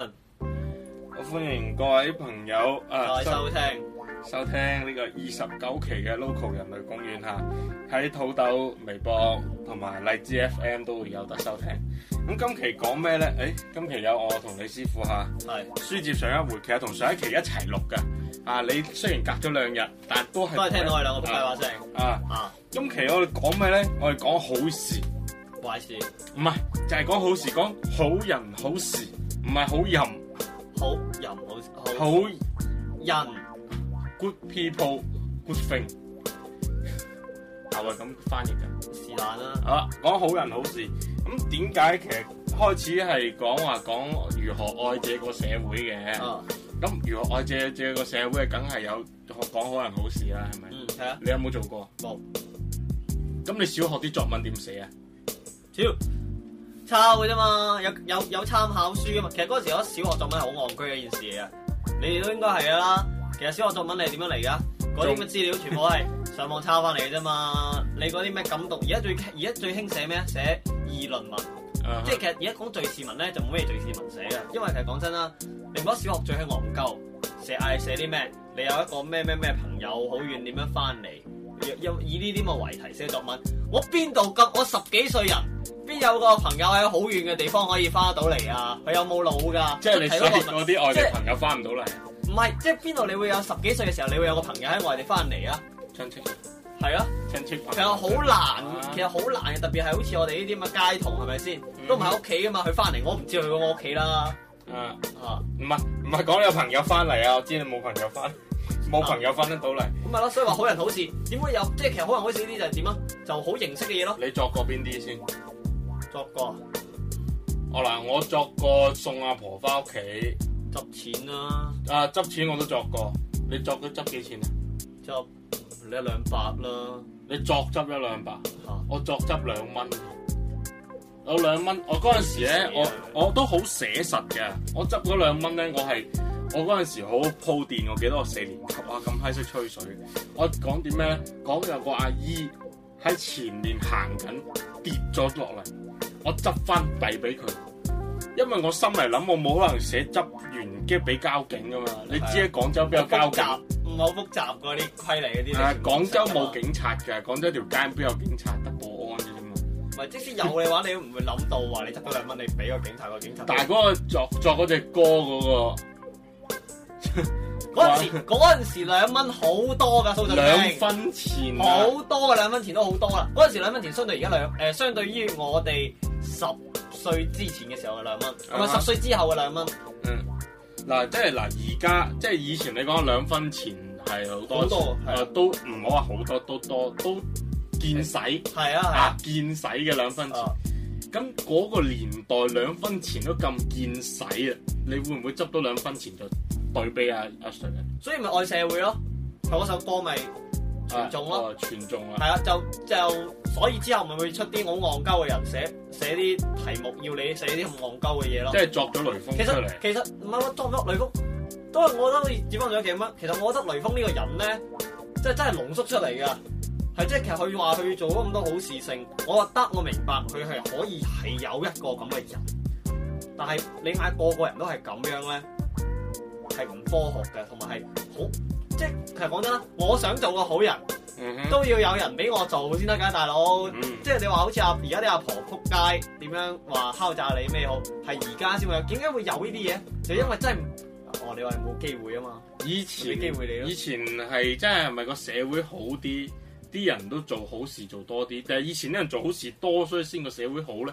好歡迎各位朋友啊！收聽收聽呢個二十九期嘅 Local 人類公園吓，喺土豆微博同埋荔枝 FM 都會有得收聽。咁今期講咩咧？誒，今期有我同李師傅吓，係，書接上一回，其實同上一期一齊錄噶。啊，你雖然隔咗兩日，但係都係都係聽到我哋兩個普通話聲。啊啊！今期我哋講咩咧？我哋講好事，壞事，唔係，就係講好事，講好人好事。唔係好人，好人好，好人，good people，good thing，係咪咁翻譯噶？是但啦。啊，講好人好事，咁點解其實開始係講話講如何愛這個社會嘅？啊，咁如何愛這這個社會，梗係有講好人好事啦，係咪？嗯，係啊。你有冇做過？冇。咁你小學啲作文點寫啊？超。抄嘅啫嘛，有有有參考書啊嘛。其實嗰時我覺得小學作文係好戇居嘅一件事嚟嘅，你哋都應該係嘅啦。其實小學作文你係點樣嚟嘅？嗰啲咩資料全部係上網抄翻嚟嘅啫嘛。你嗰啲咩感讀，而家最而家最興寫咩啊？寫議論文，uh huh. 即係其實而家講敘事文咧就冇咩敘事文寫啊。因為其實講真啦，你唔好小學最興戇鳩，寫嗌寫啲咩？你有一個咩咩咩朋友好遠點樣翻嚟？又以呢啲咁嘅為題寫作文，我邊度夠？我十幾歲人。邊有個朋友喺好遠嘅地方可以翻得到嚟啊？佢有冇腦噶？即係你所以我啲外地朋友翻唔到嚟？唔係，即係邊度你會有十幾歲嘅時候你會有個朋友喺外地翻嚟啊？春節係啊，春節其實好難，啊、其實好難，特別係好似我哋呢啲咁嘅街童係咪先？是不是嗯、都唔喺屋企噶嘛，佢翻嚟我唔知去咗我屋企啦。啊啊，唔係唔係講有朋友翻嚟啊？我知你冇朋友翻，冇、啊、朋友翻得到嚟。咁咪咯，所以話好人好事，點會有？即係其實好人好事呢啲就係點啊？就好形式嘅嘢咯。你作過邊啲先？作過，啊、哦嗱，我作過送阿婆翻屋企，執錢啦。啊，執、啊、錢我都作過。你作咗執幾錢啊？你一兩百啦。你作執一兩百，啊、我作執兩蚊。有兩蚊，我嗰陣時咧，我呢、啊、我，我都好寫實嘅。我執嗰兩蚊咧，我係我嗰陣時好鋪電喎。幾多四年級啊，咁閪識吹水。我講點咩咧？講有個阿姨喺前面行緊，跌咗落嚟。我執翻幣俾佢，因為我心嚟諗，我冇可能寫執完即係俾交警噶嘛。你知喺廣州邊有交警？唔係好複雜嗰啲規例嗰啲。係廣州冇警察嘅，廣州條街邊有警察得保安啫啫嘛。唔係，即使有嘅話，你都唔會諗到話你執到兩蚊，你俾個警察個警察。但係嗰個作嗰隻歌嗰個，嗰時兩蚊好多噶，蘇俊清兩分錢好多嘅兩分錢都好多啦。嗰陣時兩分錢相對而家兩誒，相對於我哋。十歲之前嘅時候係兩蚊，唔係十歲之後嘅兩蚊。嗯，嗱、啊，即係嗱，而、啊、家即係以前你講兩分錢係好多，都唔好話好多，都多，都見使。係啊係啊，見使嘅兩分錢。咁嗰、uh huh. 個年代兩分錢都咁見使啊，你會唔會執多兩分錢就對比啊阿 Sir？所以咪愛社會咯，嗰首歌咪、就是。傳頌咯、哦，傳頌啊，係啊，啊，就就所以之後咪會出啲好戇鳩嘅人寫寫啲題目，要你寫啲咁戇鳩嘅嘢咯。即係作咗雷鋒出嚟。其實唔係作咗雷鋒，都係我覺得，我接翻，上一蚊？其實我覺得雷鋒呢個人咧，即係真係濃縮出嚟噶。係即係，其實佢話佢做咗咁多好事性，我覺得我明白佢係可以係有一個咁嘅人，但係你嗌個個人都係咁樣咧，係唔科學嘅，同埋係好。即係其實講真啦，我想做個好人，嗯、哼都要有人俾我做先得噶，大佬。嗯、即係你話好似阿而家啲阿婆撲街，點樣話敲詐你咩好？係而家先會有，點解會有呢啲嘢？就因為真係，哦，你話冇機會啊嘛。以前嘅機會嚟。以前係真係咪個社會好啲？啲人都做好事做多啲。但係以前啲人做好事多，所以先個社會好咧。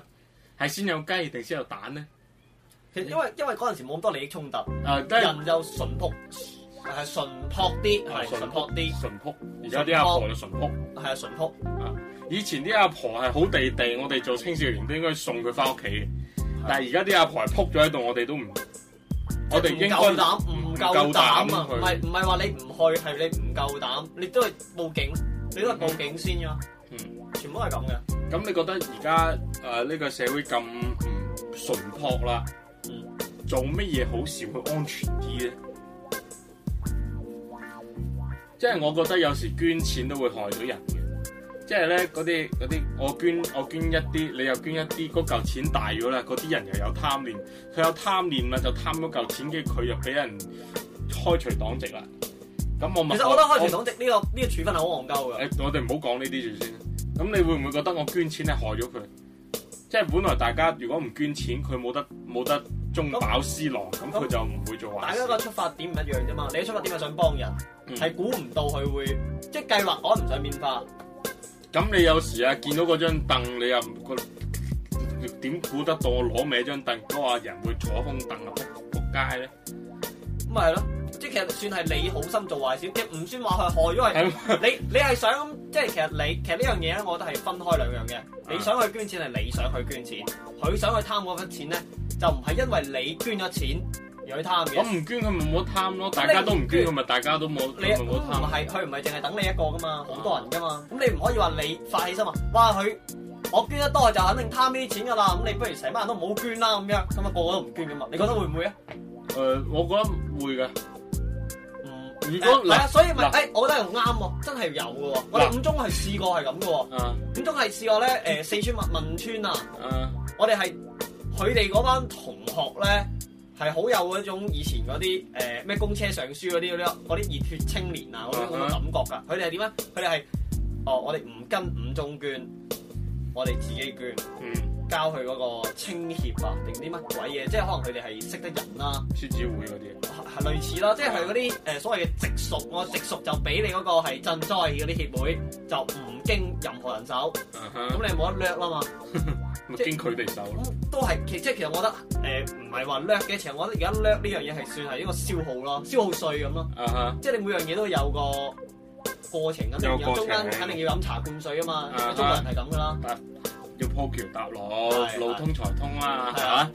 係先有雞定先有蛋咧？其實因為、嗯、因為嗰陣時冇咁多利益衝突，啊、人又淳樸。係淳樸啲，係淳樸啲，淳樸。而家啲阿婆就淳樸，係啊淳樸。啊，以前啲阿婆係好地地，我哋做青少年都應該送佢翻屋企。但係而家啲阿婆係扑咗喺度，我哋都唔，我哋應該唔夠膽唔夠膽啊！唔係唔係話你唔去，係你唔夠膽。你都係報警，你都係報警先噶。嗯，全部都係咁嘅。咁你覺得而家誒呢個社會咁唔淳樸啦，做乜嘢好少去安全啲咧？即係我覺得有時捐錢都會害咗人嘅，即係咧嗰啲啲我捐我捐一啲，你又捐一啲，嗰嚿錢大咗啦，嗰啲人又有貪念，佢有貪念嘛就貪咗嚿錢嘅，佢又俾人開除黨籍啦。咁我問，其實我覺得開除黨籍呢個呢個處分係好戇鳩嘅。誒，我哋唔好講呢啲住先。咁你會唔會覺得我捐錢係害咗佢？即係本來大家如果唔捐錢，佢冇得冇得中飽私囊，咁佢那那就唔會做大家個出發點唔一樣啫嘛，你出發點係想幫人。係估唔到佢會，即係計劃趕唔上變化。咁、嗯、你有時啊，見到嗰張凳，你又唔覺點估得到我攞埋張凳，嗰個人會坐空凳啊，仆、那、仆、個那個、街咧？咁咪係咯，即係其實算係你好心做壞事，即唔算話係害，因為嗎你你係想，即係其實你其實呢樣嘢咧，我覺得係分開兩樣嘅。你想去捐錢係你想去捐錢，佢、嗯、想去貪嗰筆錢咧，就唔係因為你捐咗錢。如果貪嘅，我唔捐佢咪冇貪咯。大家都唔捐佢咪大家都冇，你咪冇貪。唔係，佢唔係淨係等你一個噶嘛，好多人噶嘛。咁你唔可以話你發起心嘛？哇！佢我捐得多就肯定貪呢啲錢噶啦。咁你不如成班人都冇捐啦咁樣，咁啊個個都唔捐嘅嘛？你覺得會唔會啊？誒，我覺得會嘅。唔，如果係所以咪誒，我覺得係好啱喎，真係有嘅喎。我哋五中係試過係咁嘅喎。五中係試過咧，誒四川汶汶川啊。我哋係佢哋嗰班同學咧，係好有嗰種以前嗰啲誒咩公車上書，嗰啲嗰啲熱血青年啊，嗰啲咁嘅感覺㗎，佢哋係點啊？佢哋係哦，我哋唔跟五中捐，我哋自己捐，嗯、交去嗰個青協啊定啲乜鬼嘢？即係可能佢哋係識得人、啊、啦，獅子會嗰啲係類似咯，即係佢嗰啲誒所謂嘅直屬，我直屬就俾你嗰個係賑災嗰啲協會，就唔經任何人手，咁、uh huh. 你冇得掠啦嘛。 經佢哋手，都係即係其實我覺得誒唔係話叻嘅，其實我覺得而家叻呢樣嘢係算係一個消耗咯，消耗稅咁咯。Uh huh. 即係你每樣嘢都有個過程咁，有中間肯定要飲茶灌水啊嘛，uh huh. 中國人係咁噶啦。要鋪橋搭路，路通財通啊嘛。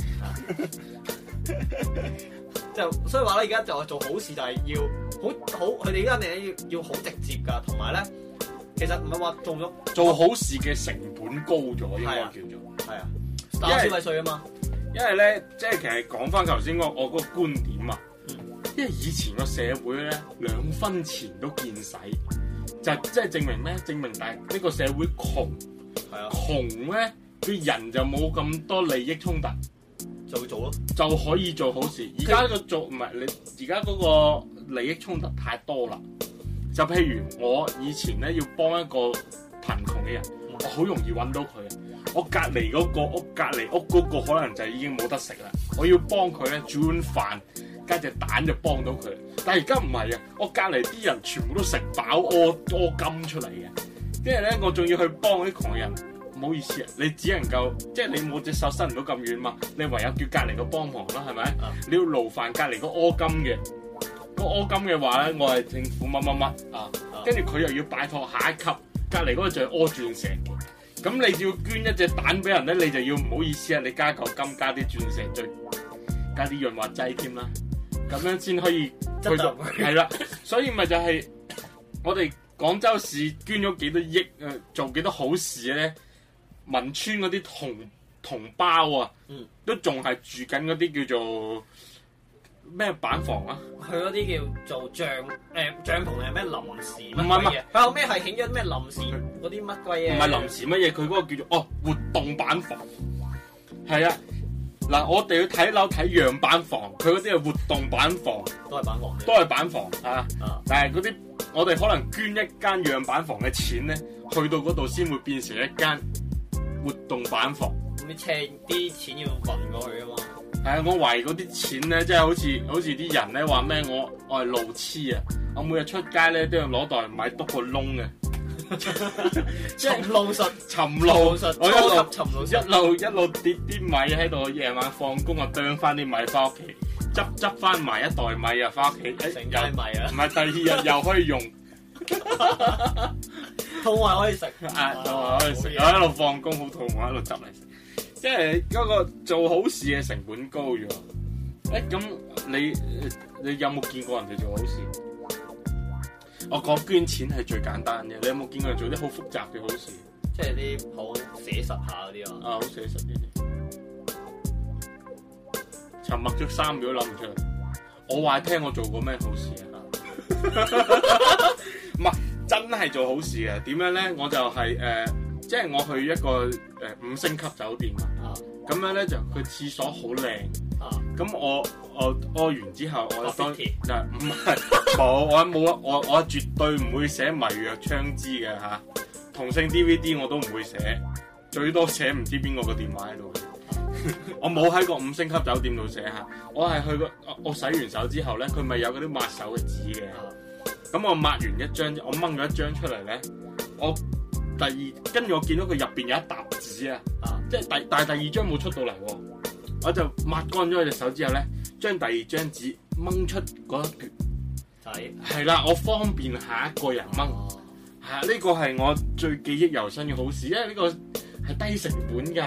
就所以話咧，而家就做好事就，就係要好好佢哋而家嘅嘢要要好直接噶，同埋咧。其實唔係話做咗，做，好事嘅成本高咗，應該叫做係啊，打消費稅啊嘛，因，因為咧，即係其實講翻頭先個我嗰個觀點啊，因為以前個社會咧兩分錢都見使，就即係證明咩？證明大呢個社會窮，係啊是的，窮咧，佢人就冇咁多利益衝突，就會做咯，就可以做好事。而家個做唔係你，而家嗰個利益衝突太多啦。就譬如我以前咧要幫一個貧窮嘅人，我好容易揾到佢。我隔離嗰個屋，隔離屋嗰個可能就已經冇得食啦。我要幫佢咧煮碗飯，加隻蛋就幫到佢。但係而家唔係啊，我隔離啲人全部都食飽屙多金出嚟嘅，即係咧我仲要去幫嗰啲窮人。唔好意思啊，你只能夠即係你冇隻手伸唔到咁遠嘛，你唯有叫隔離個幫忙啦，係咪？你要勞煩隔離個屙金嘅。個嚿金嘅話咧，嗯、我係政府乜乜乜啊，跟住佢又要拜託下一級隔離嗰個就係嚿鑽石，咁你要捐一隻蛋俾人咧，你就要唔好意思啊，你加嚿金加啲鑽石，再加啲潤滑劑添啦，咁樣先可以去做。係啦， 所以咪就係我哋廣州市捐咗幾多億誒，做幾多好事咧？汶川嗰啲同同胞啊，嗯、都仲係住緊嗰啲叫做。咩板房啊？佢嗰啲叫做帳，誒、呃、帳篷定係咩臨時乜嘢？佢後尾係起咗啲咩臨時嗰啲乜鬼嘢？唔係臨時乜嘢，佢嗰個叫做哦活動板房。係啊，嗱我哋要睇樓睇樣板房，佢嗰啲係活動板房，都係板，板房，都係板房啊。啊但係嗰啲我哋可能捐一間樣板房嘅錢咧，去到嗰度先會變成一間活動板房。咁你請啲錢要運過去啊嘛？係啊、哎！我為嗰啲錢咧，即係好似好似啲人咧話咩？我我係路痴啊！我每日出街咧都要攞袋米篤個窿嘅， 從即係路實尋路，一路一路一路跌啲米喺度。夜晚放工啊，掟翻啲米翻屋企，執執翻埋一袋米啊，翻屋企。一袋米啊，唔係第二日又可以用，肚餓可以食啊！肚餓可以食，我一路放工好肚餓，一路執嚟食。即係嗰個做好事嘅成本高咗，誒、欸、咁你你有冇見過人哋做好事？我講捐錢係最簡單嘅，你有冇見過做啲好複雜嘅好事？即係啲好寫實下嗰啲啊？啊，好寫實啲嘅。沉默咗三秒都諗唔出，我話聽我做過咩好事啊？唔係， 真係做好事嘅，點樣咧？我就係、是、誒。呃即係我去一個誒五星級酒店啊，咁、嗯、樣咧就佢廁所好靚啊，咁、嗯、我我屙完之後我，阿 K，唔係，冇，我冇啊，我我絕對唔會寫迷藥槍支嘅吓，同性 D V D 我都唔會寫，最多寫唔知邊個嘅電話喺度，嗯、 我冇喺個五星級酒店度寫吓，我係去過我洗完手之後咧，佢咪有嗰啲抹手嘅紙嘅，咁、嗯、我抹完一張，我掹咗一張出嚟咧，我。第二，跟住我見到佢入邊有一沓紙啊，即係第但係第二張冇出到嚟喎，我就抹乾咗隻手之後咧，將第二張紙掹出嗰段仔，係啦、啊，我方便下一個人掹，係啊，呢個係我最記憶猶新嘅好事，因為呢個係低成本嘅。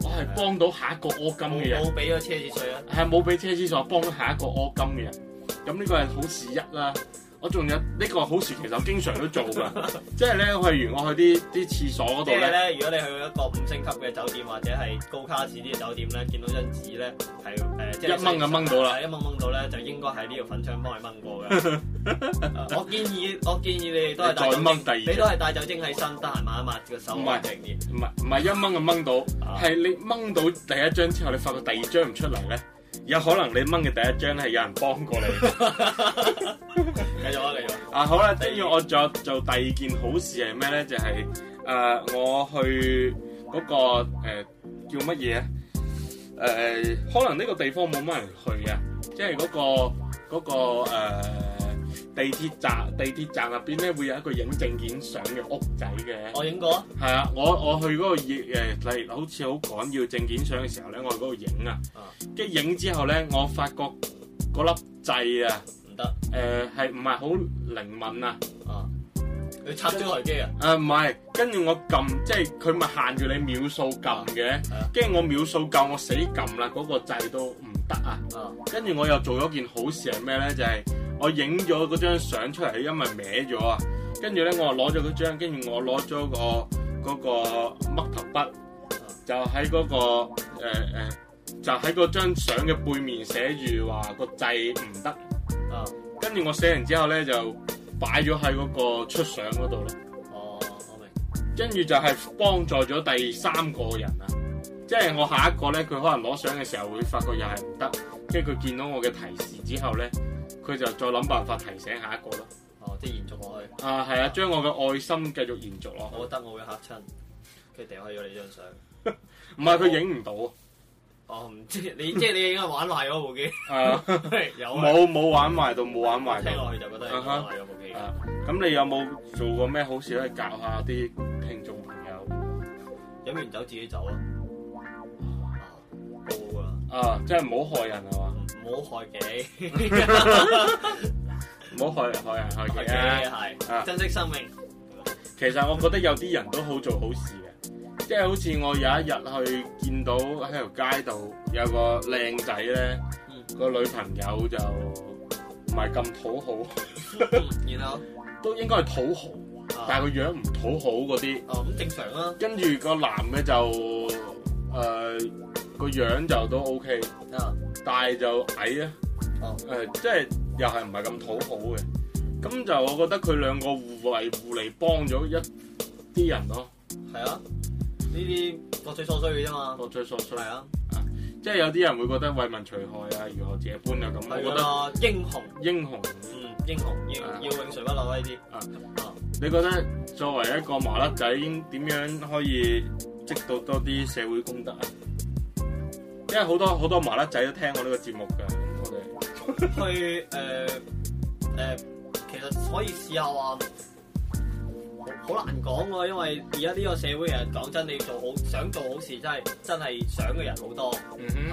我係幫到下一個柯金嘅人，冇俾咗車子水啊，係冇俾車子水，幫下一個柯金嘅人，咁、這、呢個係好事一啦。我仲有呢、呢個好事，其實我經常都做㗎，即係咧，我係如我去啲啲廁所嗰度咧。如果你去一個五星級嘅酒店或者係高卡士啲嘅酒店咧，見到張紙咧係誒，一掹就掹到啦，一掹掹到咧就應該喺呢條粉腸幫你掹過嘅、 啊。我建議我建議你哋都係帶再掹第二，你都係帶酒精喺身，得閒抹一抹個手抹淨啲，唔係唔係唔係一掹就掹到，係、啊、你掹到第一張之後，你發覺第二張唔出嚟咧。有可能你掹嘅第一張係有人幫過你。繼續啊，你啊好啦，跟住我再做，做第二件好事係咩咧？就係、係、誒、呃，我去嗰、嗰個、呃、叫乜嘢啊？誒、呃，可能呢個地方冇乜人去嘅，即係嗰個嗰、嗰個誒地鐵站，地鐵站入邊咧會有一個影證件相嘅屋仔嘅、啊。我影過。係啊，我我去嗰、那個例、呃、好似好趕要證件相嘅時候咧，我喺嗰度影啊。跟住影之後咧，我發覺嗰粒掣啊唔得，誒係唔係好靈敏啊？啊。你插咗台機啊？誒唔係，跟住我撳，即係佢咪限住你秒數撳嘅。跟住、啊、我秒數夠，我死撳啦，嗰、那個掣都唔得啊！跟住、啊、我又做咗件好事係咩咧？就係、是。我影咗嗰張相出嚟，因為歪咗啊。跟住咧，我話攞咗嗰張，跟住我攞咗、嗰個嗰、嗰個麥頭筆，就喺嗰、嗰個誒、呃呃、就喺嗰張相嘅背面寫住話個掣唔得。啊！跟住我寫完之後咧，就擺咗喺嗰個出相嗰度咯。哦，我明。跟住就係幫助咗第三個人啊！即係我下一個咧，佢可能攞相嘅時候會發覺又係唔得，跟住佢見到我嘅提示之後咧。佢就再諗辦法提醒下一個咯。哦，即係延續落去。啊，係啊，將我嘅愛心繼續延續咯。我覺得我會嚇親，跟住掉開咗你張相。唔係佢影唔到。哦，唔知你即係你應該玩壞咗部機。有。冇冇玩壞到，冇玩壞到。聽落去就覺得玩壞咗部機。咁你有冇做過咩好事咧？教下啲聽眾朋友。飲完酒自己走咯。好啊。啊，即係唔好害人係嘛？唔好害己，唔好害害人害己啊！係，珍惜生命。其實我覺得有啲人都好做好事嘅，即係好似我有一日去見到喺條街度有個靚仔咧，個女朋友就唔係咁討好，然後都應該係討好，但係個樣唔討好嗰啲，哦咁正常啦。跟住個男嘅就誒。個樣就都 OK，但係就矮啊，誒，即係又係唔係咁討好嘅，咁就我覺得佢兩個互為互利幫咗一啲人咯。係啊，呢啲各取所需嘅啫嘛，各取所需係啊，即係有啲人會覺得為民除害啊，如何這般啊咁，我覺得英雄英雄，嗯，英雄要要永垂不朽呢啲啊，你覺得作為一個麻甩仔應點樣可以積到多啲社會功德啊？因為好多好多麻甩仔都聽過呢個節目嘅，我哋 去誒誒、呃呃，其實可以試下話，好難講喎。因為而家呢個社會，人實講真，你要做好想做好事，真係真係想嘅人好多，mm hmm.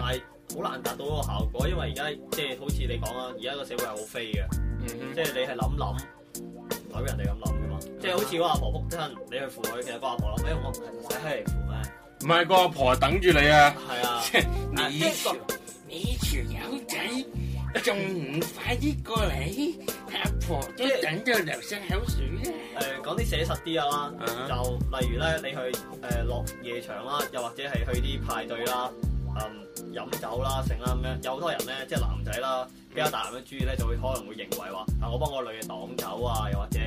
但係好難達到嗰個效果。因為而家即係好似你講啊，而家個社會係好飛嘅，即係你係諗諗，睇唔人哋咁諗嘅嘛。即係好似嗰阿婆仆親，你去扶佢，其實嗰阿婆諗咩？因為我係唔使嚟扶咩？唔係、那個阿婆，婆等住你啊！係啊， 你條你條友仔仲唔快啲過嚟？阿 婆都等咗流晒口水嘅。誒、呃，講啲寫實啲啊啦，uh huh. 就例如咧，你去誒落、呃、夜場啦，又或者係去啲派對啦，嗯，飲酒啦、食啦咁樣，有好多人咧，即係男仔啦，mm hmm. 比較大男人主義咧，就會可能會認為話，啊，我幫個女嘅擋酒啊，又或者。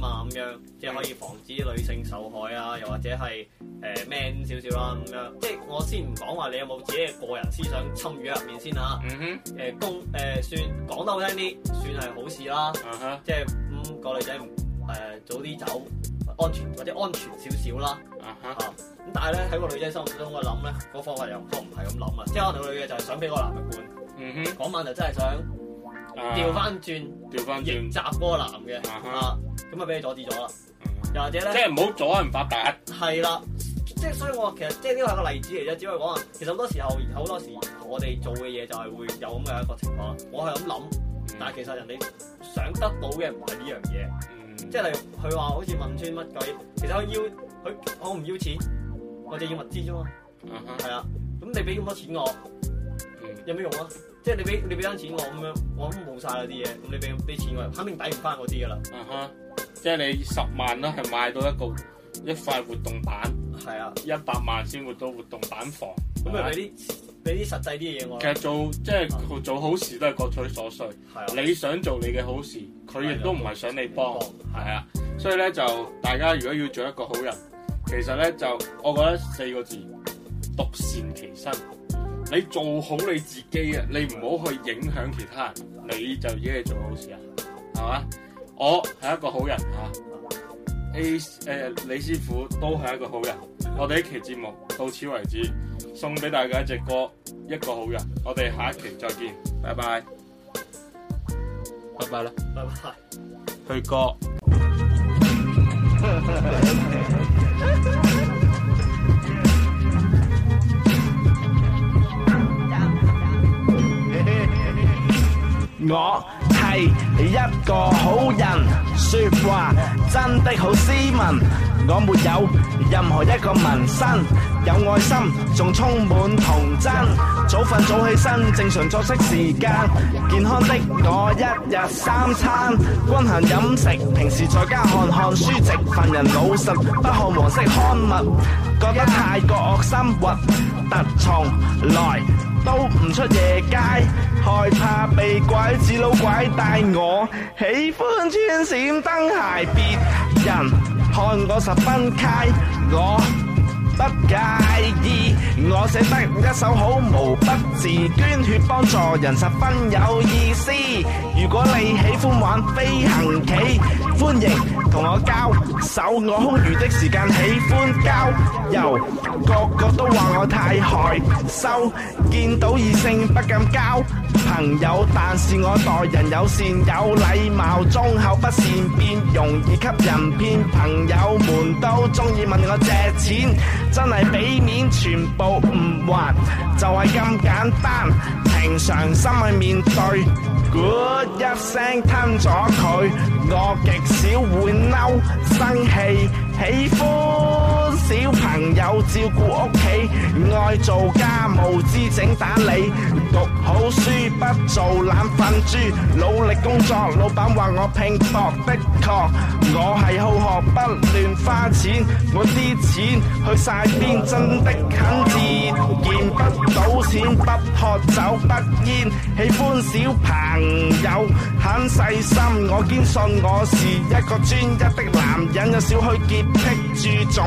咁樣，即係可以防止女性受害啊，又或者係誒、呃、man 少少啦咁樣，即係我先唔講話你有冇自己嘅個人思想滲入入面先嚇、啊。嗯哼。誒、呃、公誒、呃、算講得好聽啲，算係好事啦。嗯哼。即係咁個女仔誒、呃、早啲走，安全或者安全少少啦。嗯哼。咁、啊、但係咧喺個女仔心目中我諗咧，嗰個方法又唔係咁諗啊，即係我哋個女嘅就係想俾個男嘅管。嗯哼。嗰晚就真係想。調翻轉，調翻轉，逆襲嗰個男嘅，啊，咁啊俾哈、啊、你阻止咗啦。啊、哈又或者咧，即係唔好阻人發達。係啦，即係所以我其實即係呢個係個例子嚟啫。只可以講啊，其實好多時候，好多時我哋做嘅嘢就係會有咁嘅一個情況。我係咁諗，嗯、但係其實人哋想得到嘅唔係呢樣嘢。即係例如佢話好似問穿乜鬼？其實佢要佢，我唔要錢，我就要物資啫嘛。係啊哈，咁你俾咁多錢我，嗯、有咩用啊？即係你俾你俾翻錢我咁樣，我都冇晒啦啲嘢。咁你俾啲錢我，肯定抵唔翻嗰啲噶啦。嗯哼，即係你十萬啦，係買到一個一塊活動板。係啊，一百萬先活到活動板房。咁咪俾啲俾啲實際啲嘢我。其實做即係、啊、做好事都係各取所需。係啊，你想做你嘅好事，佢亦都唔係想你幫。係啊，啊啊所以咧就大家如果要做一個好人，其實咧就我覺得四個字：獨善其身。你做好你自己啊！你唔好去影響其他人，你就已經係做好事啊，係嘛？我係一個好人吓，A 誒，李師傅都係一個好人。我哋呢一期節目到此為止，送俾大家一隻歌《一個好人》。我哋下一期再見，拜拜，拜拜啦，拜拜 bye，去歌。 我係一個好人，說話真的好斯文。我沒有任何一個紋身，有愛心，仲充滿童真。早瞓早起身，正常作息時間，健康的我一日三餐均衡飲食。平時在家看看書籍，犯人老實，不看黃色刊物，覺得太過惡心惑。核突從來都唔出夜街。害怕被拐子佬拐帶，但我喜歡穿閃燈鞋，別人看我十分開，我不介意。我寫得一首好毛筆字，捐血幫助人十分有意思。如果你喜歡玩飛行棋，歡迎同我交手。我空餘的時間喜歡交友，個個都話我太害羞，見到異性不敢交。朋友，但是我待人友善、有禮貌、忠厚不善變，容易給人騙。朋友們都中意問我借錢，真係俾面，全部唔還，就係、是、咁簡單。平常心去面對，Good, 一聲吞咗佢，我極少會嬲生氣，喜歡。喜歡小朋友，照顧屋企，愛做家務之整打理，讀好書，不做懶瞓豬，努力工作，老闆話我拼搏，的確我係好學不亂，不亂花錢，我啲錢去晒邊，真的很自然，不賭錢、不喝酒、不煙，喜歡小朋友，很細心，我堅信我是一個專一的男人，有少許潔癖注重。